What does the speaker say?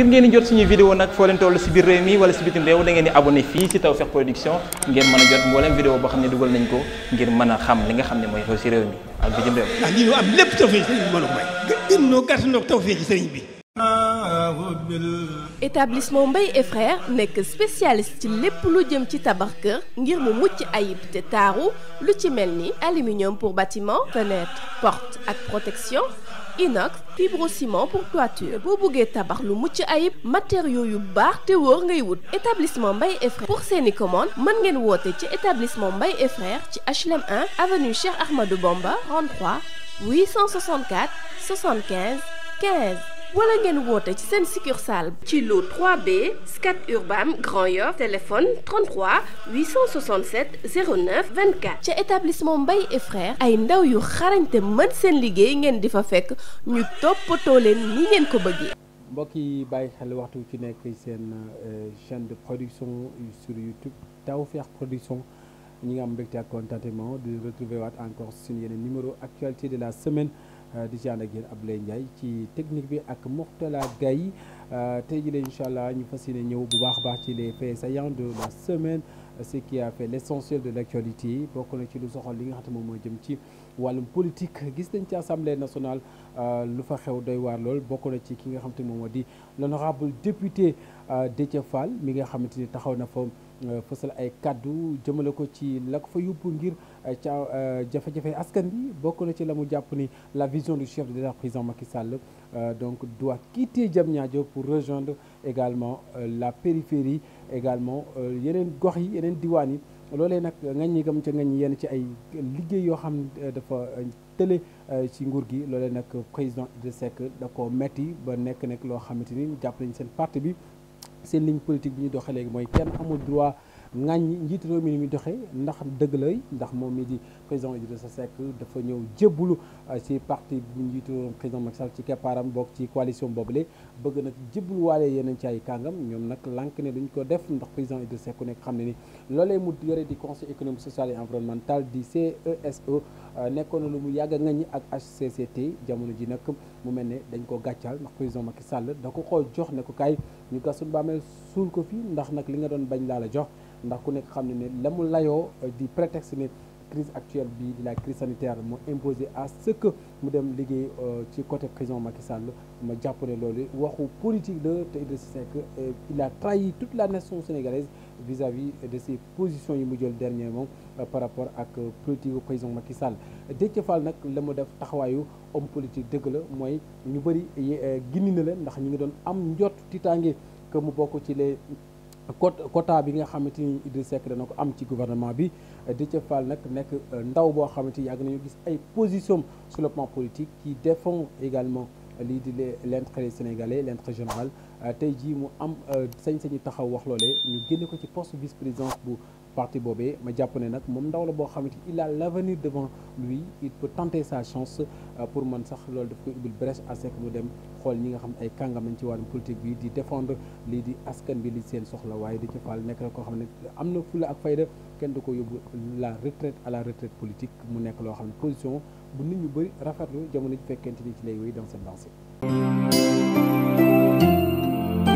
ngir ngeen di jot suñuy vidéo nag foo leen toll si biir réew mi wala si bitim réew da ngeen di abonné fii si Tawfekh Production ngeen mën a jot mboolem vidéo boo xam ne dugal nañ ko ngir mën a xam li nga xam ne mooy xew si réew mi ak bitim réew. ndax ah, lii ñu am lépp tawfeex sëriñ bi mën a may. gën noo gàtt noo tawfeex sëriñ établissement Mbaye et nekk spécialiste ci lépp lu jëm ci tabax kër ngir mu mucc ayib te taaru lu ci mel ni aluminium pour bâtiment fenêtre porte ak protection. inox fibrociment pour toiture boo bëggee tabax lu mucc ayib matériaux yu baax te wóor ngay wut établissement Mbaye et frères pour seeni commande mën ngeen woote ci établissement Mbaye et frères ci HLM 1 avenue Cheikh Ahmadou Bamba 33 864 75 15 wala ngeen woote ci seen succursale ci lu 3B Scat Urbam Grand Yoff téléphone 33 867 09 24 ca établissement Mbaye et frères ay ndaw yu xarañte mën seen liggéey ngeen di fa fekk ñu toppatoo leen ñi ngeen ko bëggee mbokk yi bàyyi xel waxtu ci nekk seen euh, chaîne de production sur YouTube Tawfekh Production ñi nga am mbégte ak contentement di retrouver waat encore suñu yeneen numéro actualité de la semaine Euh, di ci ànd ak yéen Abdoulaye Ndiaye ci technique bi ak Mourtala Gaye euh, tey jii la allah ñu fas yéene ñëw bu baax a baax ci les faits saillants de la semaine ce qui a fait l' essentiel de l' actualité bokk na ci lu soxal li nga xam ne moom mooy jëm ci wàllum politique gis nañ ci assemblée nationale euh, lu fa xew doy waar lool bokk na ci ki nga xam te moom moo di l' honorable député Déthié Fall mi nga xamante ni taxaw na fa. fësal ay kàddu jëmale ko ci la ko fa yóbbu ngir euh, ca euh, jafe-jafe askan bi bokk na ci la mu jàpp ni la vision du chef de l'État président Macky Sall euh, donc doit quitter ñaajo pour rejoindre également la périphérie également yeneen gox yi yeneen diwaan yi loolee nag ngañ ñi gam ca ngañ yenn ci ay liggéey yoo xam dafa tële ci nguur gi loole nag président Idrissa Seck da ko metti ba nekk nag loo xamante ni jàpp nañ seen parti bi seen ligne politique bi ñu doxee mooy kenn amul droit ŋàññi njiit réew mi ni muy doxee ndax dëgg lay ndax moom mi di président sa Seck dafa ñëw jébbalu euh, ci parti bu njiitu président Macky Sall ci keppaaram bokk ci coalition boobule bëgg nag jébbaluwaale yeneen ci ay kàngam ñoom nag lànk ne duñ ko def ndax président Idrissa Seck ku nekk xam ne ni loolee mu yore di conseil économique social et environnemental di CESE euh, nekkoon na lu mu yàgg a ak HCCT jamono ji nag mu mel ne dañ ko gàccaal ndax président Macky Sall da ko ko jox ne ko kaay ñu gasul baamee suul ko fii ndax nag li nga doon bañ laa la jox ndax ku nekk xam ne ne la mu layoo euh, di prétexte ne crise actuelle bi di la crise sanitaire moo imposé à ce que mu dem liggéey euh, ci côté président Macky Sall ma jàpp ne loolu waxu politique la te Idrissa Seck euh, il a trahi toute la nation sénégalaise vis-à-vis de ses positions yi mu jël dernièrement par rapport ak politique bu président Macky Sall Déthié fal nag la mu def taxawaayu homme politique dëgg la mooy ñu bëri gindi na la ndax ñu ngi doon am njot tiitaange que mu bokk ci les quota bi nga xamante ni Idrissa Seck dana ko am ci gouvernement bi Déthié Fall nag nekk euh, ndaw boo xamante ni yàgg nañu gis ay position sur le plan politique qui défend également euh, lii di l'intérêt sénégalais l'intérêt général euh, tey jii mu am sañ-sañu taxaw wax loole ñu génne ko ci poste vice président bu parti boobee ma jàpp ne nag moom ndaw la boo xamante il a l'avenir devant lui il peut tenter sa chance euh, pour man sax loolu daf koy ubbil brèche à ce mu dem xool ñi nga xam ay kàngam lañ ci wàllum politique bi di défendre lii di askan bi li seen soxla waaye di ci faal nekk na koo xam ne am na fula ak fayda kenn du ko yóbbu la retraite à la retraite politique mu nekk loo xam ne position bu nit ñu bëri rafetlu jamono ji fekkente ni ci lay wéy dans cette lancée